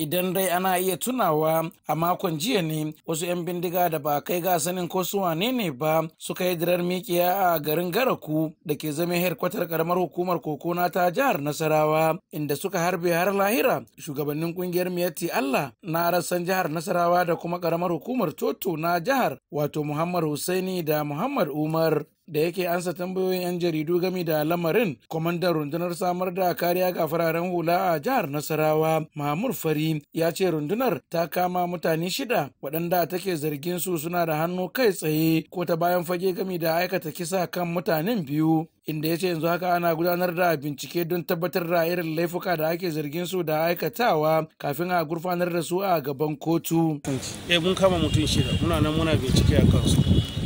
idan dai ana iya tunawa a makon jiya ne wasu 'yan bindiga da ba kai ga sanin ko su wane ne ba suka yi dirar mikiya a garin garaku da ke zama herkwatar karamar hukumar kokona ta jihar nasarawa inda suka harbe har lahira shugabannin kungiyar miyatti allah na rassan jihar nasarawa da kuma karamar hukumar toto na jihar wato muhammad Hussaini da muhammad umar da yake ansa tambayoyin 'yan jaridu game da lamarin kwamandan rundunar samar da kariya ga fararen hula a jihar nasarawa mahmud fari ya ce rundunar ta kama mutane shida waɗanda take zargin su suna da hannu kai tsaye ko ta bayan fage game da aikata kisa kan mutanen biyu inda ya ce yanzu haka ana gudanar da bincike don tabbatar da irin laifuka da ake zargin su da aikatawa kafin a gurfanar da su a gaban kotu. Eh mun kama mutum shida muna nan muna bincike a kansu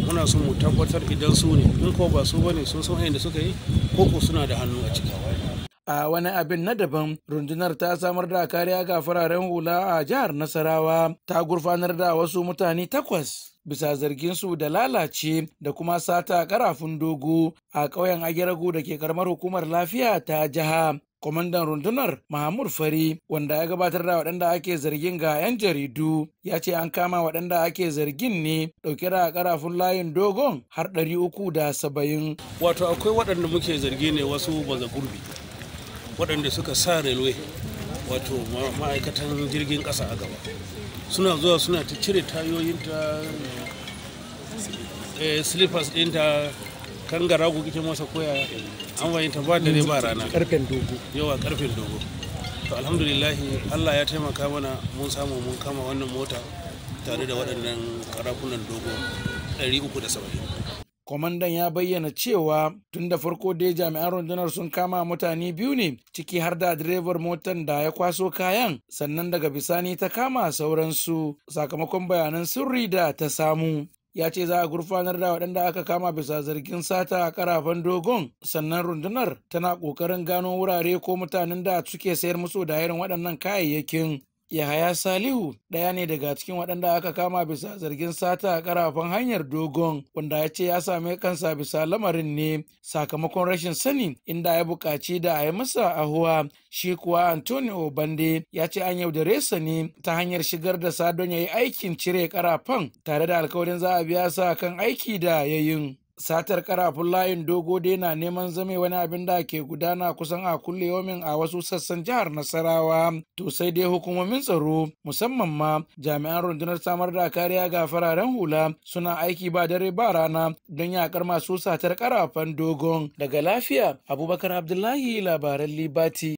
muna son mu tabbatar idan su ne in ko ba su bane sun san da suka yi ko ko suna da hannu a ciki. a wani abin na daban rundunar ta samar da kariya ga fararen hula a jihar nasarawa ta gurfanar da wasu mutane takwas bisa zargin su da lalace da kuma sata karafin dogo a ƙauyen agirago da ke karamar hukumar lafiya ta jiha kwamandan rundunar Mahmud Fari wanda ya gabatar da waɗanda ake zargin ga 'yan jaridu ya ce an kama waɗanda ake zargin ne ɗauke da karafun layin dogon har ɗari uku da saba'in. Wato akwai waɗanda muke zargi ne wasu banza gurbi waɗanda suka sa railway wato ma'aikatan jirgin ƙasa a gaba suna zuwa suna ta cire tayoyinta eh, slippers ɗinta kangara ku kike masa koya an ta ba dare ba rana karfen dogo yawa karfen dogo to alhamdulillah Allah ya taimaka mana mun samu mun kama wannan mota tare da waɗannan karakunan dogo 370 kwamandan ya bayyana cewa tun da farko dai jami'an rundunar sun kama mutane biyu ne ciki har da direbar motar da ya kwaso kayan sannan daga bisani ta kama sauransu sakamakon bayanan sirri da ta samu ya ce za a gurfanar da waɗanda aka kama bisa zargin sata a ƙarafan dogon sannan rundunar tana ƙoƙarin gano wurare ko mutanen da suke sayar musu da irin waɗannan kayayyakin Yahaya Salihu ɗaya ne daga cikin waɗanda aka kama bisa zargin sata a ƙarafan hanyar dogon wanda ya ce ya same kansa bisa lamarin ne sakamakon rashin sani inda ya buƙaci da a yi masa ahuwa shi kuwa Antonio Bande ya ce an yaudare sa ne ta hanyar shigar da Sadon ya yi aikin cire ƙarafan tare da alkawarin za a biya sa kan aiki da yayin. satar karafin layin dogo dai na neman zame wani abin da ke gudana kusan a kulle yomin a wasu sassan jihar nasarawa to sai dai hukumomin tsaro musamman ma jami'an rundunar samar da kariya ga fararen hula suna aiki ba dare ba rana don yakar masu satar karafan dogon daga lafiya abubakar abdullahi labaran libati